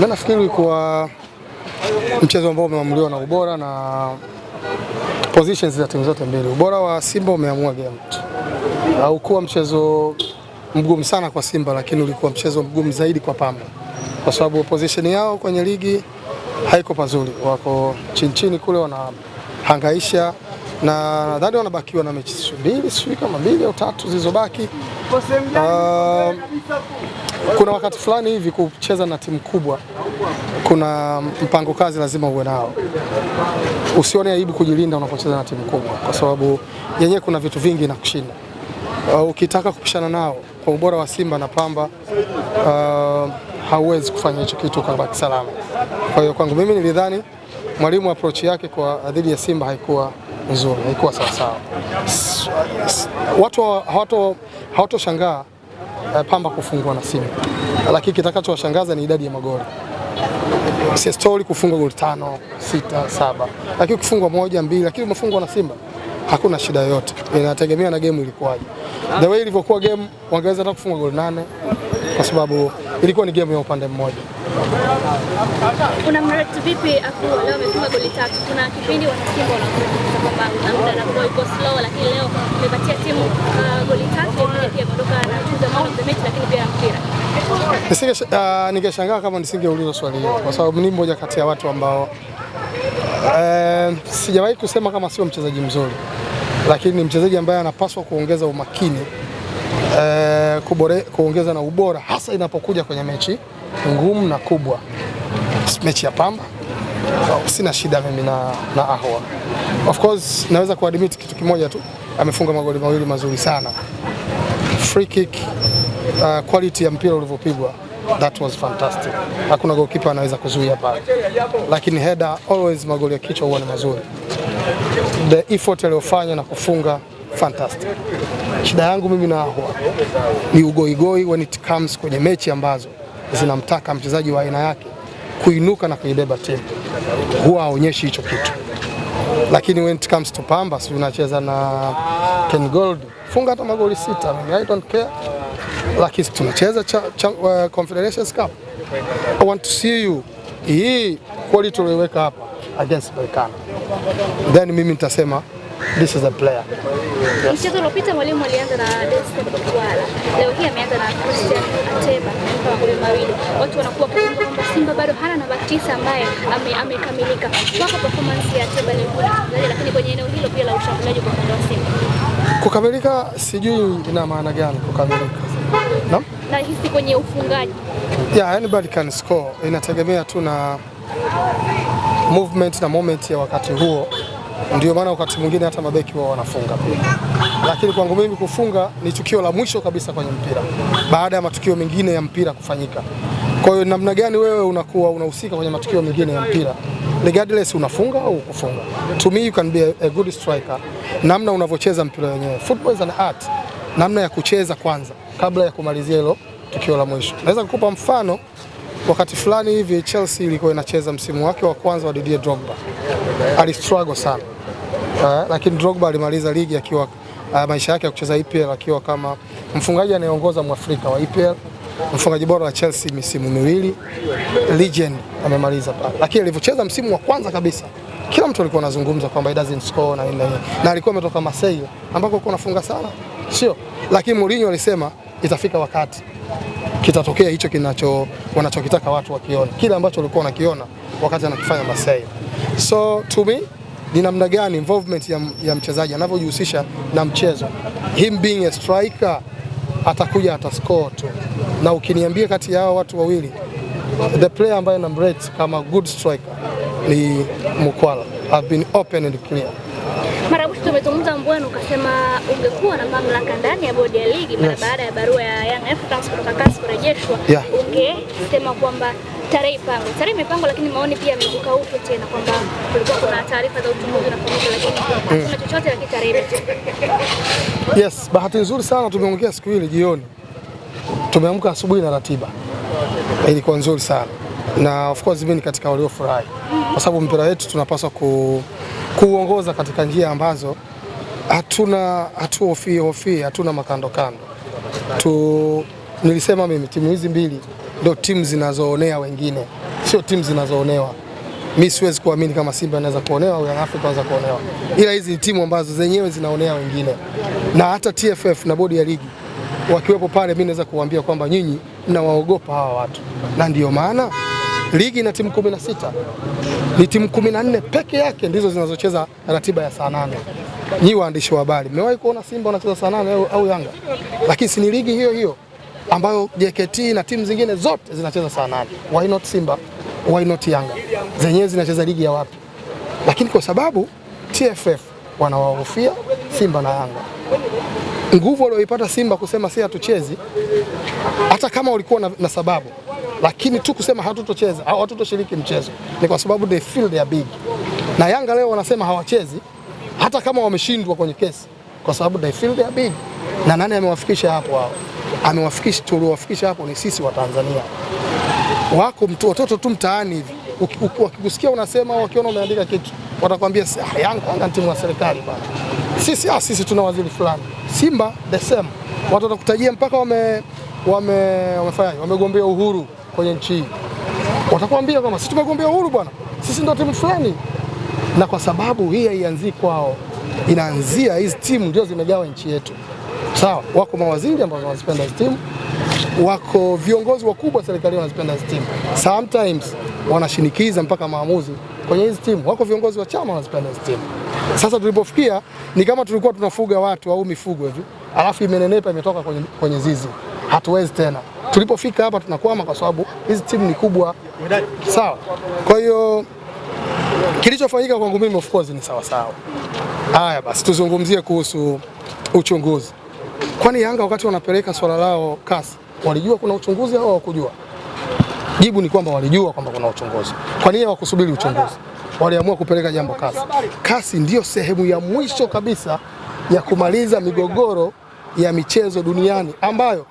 Mi nafikiri kwa mchezo ambao umeamuliwa na ubora na positions za timu zote mbili. Ubora wa Simba umeamua game. Haukuwa mchezo mgumu sana kwa Simba, lakini ulikuwa mchezo mgumu zaidi kwa Pamba, kwa sababu position yao kwenye ligi haiko pazuri, wako chini chini kule wanahangaisha na nadhani wanabakiwa na mechi mbili, sijui kama mbili au tatu zilizobaki. Uh, kuna wakati fulani hivi kucheza na timu kubwa, kuna mpango kazi lazima uwe nao. Usione aibu kujilinda unapocheza na timu kubwa, kwa sababu yenyewe kuna vitu vingi na kushinda. Uh, ukitaka kupishana nao kwa ubora wa Simba na Pamba uh, hauwezi kufanya hicho kitu ukabaki salama. Kwa hiyo kwangu mimi nilidhani mwalimu approach yake kwa dhidi ya Simba haikuwa nzuri, haikuwa sawasawa. Watu hawatoshangaa eh, Pamba kufungwa na Simba, lakini kitakachowashangaza ni idadi ya magoli. Si stori kufungwa goli tano, sita, saba, lakini ukifungwa moja, mbili, lakini umefungwa na Simba hakuna shida yoyote, inategemea na game ilikuwaje. The way ilivyokuwa game wangeweza hata kufunga goli nane, kwa sababu ilikuwa ni game ya upande mmoja. Unamrate vipi Akuo? Leo amefunga goli tatu. Kuna kipindi wanasimba wanakuta kwamba na Nakuo iko slow, lakini leo amepatia timu uh, goli tatu, pia ameondoka na tuzo man of the match, lakini pia mpira. Uh, ningeshangaa kama nisingeuliza swali hilo kwa sababu ni mmoja kati ya watu ambao uh, sijawahi kusema kama sio mchezaji mzuri, lakini ni mchezaji ambaye anapaswa kuongeza umakini uh, kubore, kuongeza na ubora hasa inapokuja kwenye mechi ngumu na kubwa mechi ya Pamba. So, sina shida mimi na, na Ahwa. Of course naweza kuadmit kitu kimoja tu, amefunga magoli mawili mazuri sana. Free kick, uh, quality ya mpira ulivyopigwa that was fantastic. Hakuna goalkeeper anaweza kuzuia pale, lakini header always, magoli ya kichwa huwa ni mazuri. The effort aliyofanya na kufunga fantastic. Shida yangu mimi na Ahwa ni ugoigoi when it comes kwenye mechi ambazo zinamtaka mchezaji wa aina yake kuinuka na kuibeba timu, huwa haonyeshi hicho kitu. Lakini when it comes to Pamba, si unacheza na Ken Gold, funga hata magoli sita, I don't care. Lakini tunacheza uh, Confederations Cup. I want to see you hii quality tuliweka hapa against Berkane, then mimi nitasema this is a player. Yes. Mchezo uliopita mwalimu alianza na Destiny Kwala. Leo hii Mwanza na Christian Ateba kwa magoli mawili. Watu wanakuwa kuzungumza kwamba Simba bado hana namba tisa ambaye amekamilika. Kwako performance ya Ateba ni nzuri, lakini kwenye eneo hilo pia la ushambuliaji kwa upande wa Simba. Kukamilika sijui ina maana gani kukamilika. Naam? Na hisi kwenye ufungaji. ya Yeah, anybody can score. Inategemea tu na movement na moment ya wakati huo. Ndio maana wakati mwingine hata mabeki wao wanafunga pia, lakini kwangu mimi kufunga ni tukio la mwisho kabisa kwenye mpira baada ya matukio mengine ya mpira kufanyika. Kwa hiyo namna gani wewe unakuwa unahusika kwenye matukio mengine ya mpira regardless unafunga au kufunga, to me you can be a, a good striker, namna unavyocheza mpira wenyewe. Football is an art, namna ya kucheza kwanza kabla ya kumalizia hilo tukio la mwisho. Naweza kukupa mfano Wakati fulani hivi Chelsea ilikuwa inacheza msimu wake wa kwanza wa Didier Drogba, Ali struggle sana uh, lakini Drogba alimaliza ligi akiwa uh, maisha yake ya kucheza EPL akiwa kama mfungaji anayeongoza Mwafrika wa EPL, mfungaji bora wa Chelsea misimu miwili, legend amemaliza pale. Lakini alivyocheza msimu wa kwanza kabisa kila mtu alikuwa anazungumza kwamba he doesn't score na nini, na alikuwa ametoka Marseille ambako alikuwa anafunga sana, sio? Lakini Mourinho alisema itafika wakati kitatokea hicho kinacho wanachokitaka watu wakiona, kile ambacho walikuwa wanakiona wakati anakifanya Marseille. So to me ni namna gani involvement ya, ya mchezaji anavyojihusisha na mchezo, him being a striker atakuja atascore tu, na ukiniambia kati ya hao watu wawili the player ambaye na namrate kama good striker ni Mukwala. I've been open and clear. Mara tumezungumza Mbwenu, ukasema ungekuwa na mamlaka ndani ya bodi ya ligi mara yes. baada ya barua ya Young Africans kutoka CAS kurejeshwa yeah. ungesema kwamba tarehe ipangwe, tarehe imepangwa, lakini maoni pia yamezuka huko tena kwamba kulikuwa kuna taarifa za uchunguzi na lakini hakuna mm. chochote, lakini tarehe yes. Bahati nzuri sana tumeongea siku ile jioni, tumeamka asubuhi na ratiba ilikuwa nzuri sana na of course mimi ni katika waliofurahi kwa sababu mpira wetu tunapaswa ku, kuuongoza katika njia ambazo hatuna hofi hofi, hatuna makandokando tu. Nilisema mimi timu hizi mbili ndio timu zinazoonea wengine, sio timu zinazoonewa. Mi siwezi kuamini kama Simba anaweza kuonewa au Yanga Afrika anaweza kuonewa, ila hizi ni timu ambazo zenyewe zinaonea wengine, na hata TFF na bodi ya ligi wakiwepo pale, mi naweza kuwaambia kwamba nyinyi mnawaogopa hawa watu, na ndiyo maana ligi na timu kumi na sita ni timu kumi na nne peke yake ndizo zinazocheza ratiba ya saa nane. Nyi waandishi wa habari, mmewahi kuona Simba wanacheza saa nane au, Yanga? Lakini si ni ligi hiyo hiyo ambayo JKT na timu zingine zote zinacheza saa nane. Why not Simba? Why not Yanga? Zenyewe zinacheza ligi ya wapi? lakini kwa sababu TFF wanawahofia Simba na Yanga, nguvu walioipata Simba kusema si hatuchezi, hata kama walikuwa na, na sababu lakini tu kusema hatutocheza au hatutoshiriki mchezo ni kwa sababu they feel they are big. Na Yanga leo wanasema hawachezi hata kama wameshindwa kwenye kesi, kwa sababu they feel are big. Na nani amewafikisha hapo? Hao amewafikisha, tuliowafikisha hapo ni sisi wa Tanzania. Wako mtu watoto tu mtaani hivi, wakikusikia unasema wakiona umeandika kitu watakwambia ah, Yanga anga timu ya serikali bwana. sisi ah, sisi tuna waziri fulani. Simba the same, watu watakutajia mpaka wame wame wamefanya wamegombea uhuru kwenye nchi hii, watakwambia kama sisi tumegombea uhuru bwana, sisi ndio timu fulani na kwa sababu hii haianzii kwao, inaanzia hizi timu ndio zimegawa nchi yetu. Sawa, wako mawaziri ambao wanazipenda hizi timu, wako viongozi wakubwa serikali wanazipenda hizi timu, sometimes wanashinikiza mpaka maamuzi kwenye hizi timu, wako viongozi wa chama wanazipenda hizi timu. Sasa tulipofikia ni kama tulikuwa tunafuga watu au mifugo hivi, alafu imenenepa, imetoka kwenye, kwenye zizi, hatuwezi tena. Tulipofika hapa tunakwama, kwa sababu hizi timu ni kubwa. Sawa, kwa hiyo Kilichofanyika kwangu mimi of course ni sawa sawa. Haya basi tuzungumzie kuhusu uchunguzi. Kwani Yanga wakati wanapeleka swala lao kasi walijua kuna uchunguzi au hawakujua? Jibu ni kwamba walijua kwamba kuna uchunguzi. Kwa nini hawakusubiri uchunguzi? Waliamua kupeleka jambo kasi. Kasi ndiyo sehemu ya mwisho kabisa ya kumaliza migogoro ya michezo duniani ambayo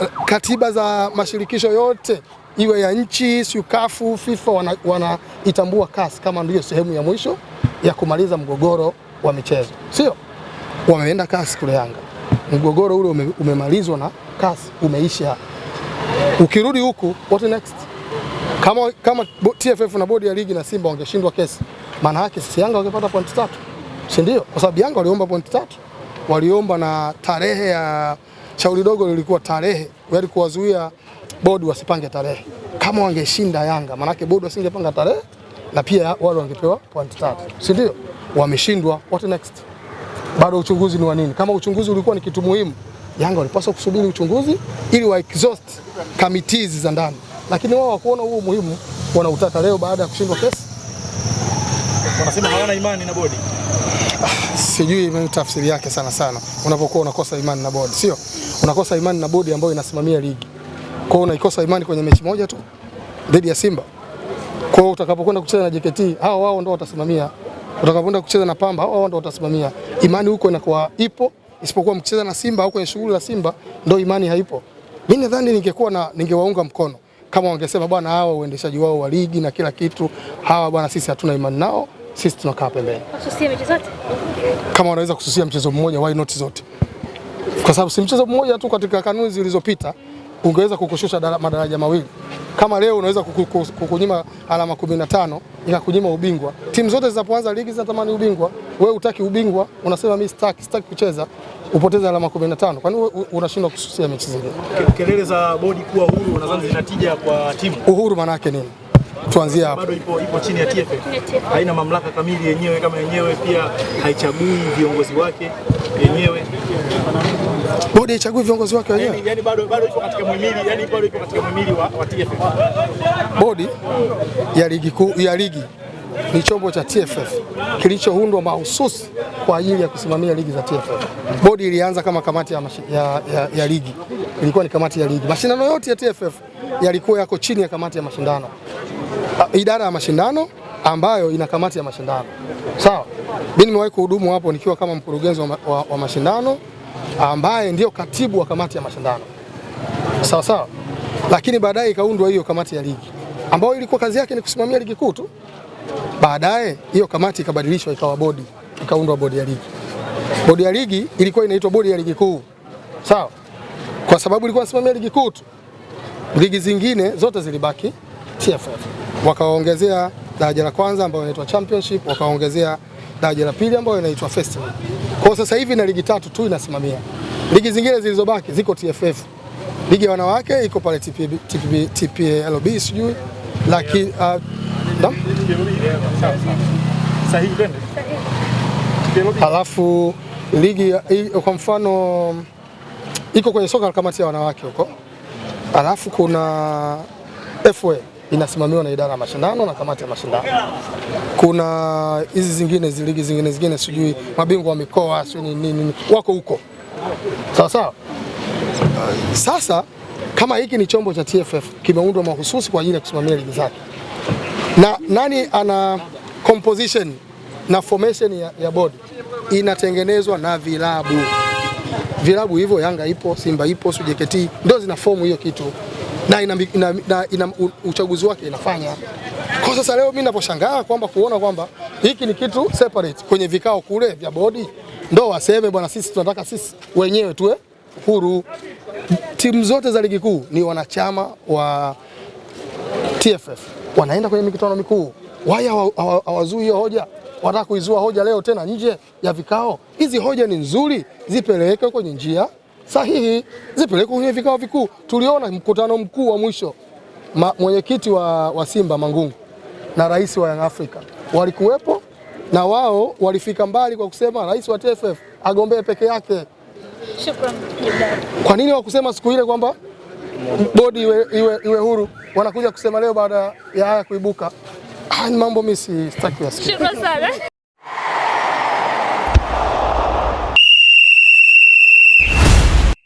eh, katiba za mashirikisho yote iwe ya nchi siukafu FIFA wanaitambua wana CAS kama ndiyo sehemu ya mwisho ya kumaliza mgogoro wa michezo, sio wameenda CAS kule Yanga, mgogoro ule ume, umemalizwa na CAS umeisha. Ukirudi huku what next? Kama, kama TFF na bodi ya ligi na Simba wangeshindwa kesi, maana yake sisi Yanga wangepata pointi tatu, si ndio? Kwa sababu Yanga waliomba pointi tatu, waliomba na tarehe ya shauri dogo lilikuwa tarehe, yaani kuwazuia bodi wasipange tarehe. Kama wangeshinda Yanga, maanake bodi wasingepanga tarehe na pia wale wangepewa point tatu, si ndio? Wameshindwa, what next? Bado uchunguzi ni wa nini? Kama uchunguzi ulikuwa ni kitu muhimu, Yanga walipaswa kusubiri uchunguzi ili wa exhaust committees za ndani, lakini wao wakuona huo muhimu, wanautaka leo baada ya kushindwa kesi. Wanasema hawana imani na bodi. sijui mimi tafsiri yake sana sana, unapokuwa unakosa imani na bodi, sio unakosa imani na bodi ambayo inasimamia ligi kwa hiyo unaikosa imani kwenye mechi moja tu dhidi ya Simba. Kwa hiyo utakapokwenda kucheza na JKT, hao wao ndio watasimamia. Utakapokwenda kucheza na Pamba, hao wao ndio watasimamia. Imani huko inakuwa ipo, isipokuwa mkicheza na Simba au kwenye shughuli za Simba ndio imani haipo. Mimi nadhani ningekuwa na ningewaunga mkono kama wangesema bwana, hawa uendeshaji wao wa ligi na kila kitu, hawa bwana, sisi hatuna imani nao, sisi tunakaa pembeni. Kususia mechi zote, kama wanaweza kususia mchezo mmoja, why not zote? Kwa sababu si mchezo mmoja tu katika kanuni zilizopita ungeweza kukushusha madaraja mawili. Kama leo unaweza kukunyima alama 15 ikakunyima ubingwa. Timu zote zinapoanza ligi zinatamani ubingwa. Wewe utaki ubingwa, unasema mimi sitaki, sitaki kucheza, upoteze alama 15. Kwani unashindwa kususia mechi zingine? Kelele za bodi kuwa huru unadhani zinatija kwa timu? Uhuru maana yake nini? Tuanzie hapo. Bado ipo, ipo chini ya TFF. Haina mamlaka kamili yenyewe kama yenyewe, pia haichagui viongozi wake yenyewe, bodi haichagui viongozi wake wenyewe. Yani yaani bado bado ipo katika muhimili, yani bado ipo katika wa, wa TFF. Bodi ya ligi kuu ya ligi ni chombo cha TFF kilichoundwa mahususi kwa ajili ya kusimamia ligi za TFF. Bodi ilianza kama kamati ya, ya, ya, ya ligi, ilikuwa ni kamati ya ligi. Mashindano yote ya TFF yalikuwa yako chini ya kamati ya mashindano, ah, idara ya mashindano ambayo ina kamati ya mashindano sawa. Mimi nimewahi kuhudumu hapo nikiwa kama mkurugenzi wa, wa, wa mashindano ambaye ndio katibu wa kamati ya mashindano sawa sawa, lakini baadaye ikaundwa hiyo kamati ya ligi ambayo ilikuwa kazi yake ni kusimamia ligi kuu tu. Baadaye hiyo kamati ikabadilishwa ikawa bodi, ikaundwa bodi ya ligi. Bodi ya ligi ilikuwa inaitwa bodi ya ligi kuu sawa, kwa sababu ilikuwa inasimamia ligi kuu tu, ligi zingine zote zilibaki TFF wakawaongezea daraja la kwanza ambayo inaitwa championship, wakaongezea daraja la pili ambayo inaitwa festival. Kwa sasa hivi na ligi tatu tu inasimamia, ligi zingine zilizobaki ziko TFF. Ligi ya wanawake iko pale TPLB sijui laki halafu uh, ligi kwa mfano iko kwenye soka kamati ya wanawake huko, halafu kuna FA inasimamiwa na idara ya mashindano na kamati ya mashindano. Kuna hizi zingine ziligi zingine zingine, sijui mabingwa wa mikoa sio nini nini, wako huko sawa sawa. Sasa kama hiki ni chombo cha TFF kimeundwa mahususi kwa ajili ya kusimamia ligi zake, na nani ana composition na formation ya, ya bodi inatengenezwa na vilabu vilabu hivyo. Yanga ipo, Simba ipo, JKT ndio zina fomu hiyo kitu na ina, ina, ina, ina uchaguzi wake inafanya. Kwa sasa leo mimi ninaposhangaa kwamba kuona kwamba hiki ni kitu separate kwenye vikao kule vya bodi, ndo waseme bwana, sisi tunataka sisi wenyewe tuwe huru. Timu zote za ligi kuu ni wanachama wa TFF, wanaenda kwenye mikutano mikuu, waya hawazui hiyo hoja wanataka kuizua hoja leo tena nje ya vikao. Hizi hoja ni nzuri, zipeleke kwenye njia sahihi zipelekwe kwenye vikao vikuu. Tuliona mkutano mkuu wa mwisho mwenyekiti wa, wa Simba Mangungu na rais wa Young Africa walikuwepo na wao walifika mbali kwa kusema rais wa TFF agombee peke yake. Kwa nini wakusema siku ile kwamba bodi iwe, iwe, iwe huru? Wanakuja kusema leo baada ya haya kuibuka. Ah, ni mambo mimi sitaki. Shukrani sana.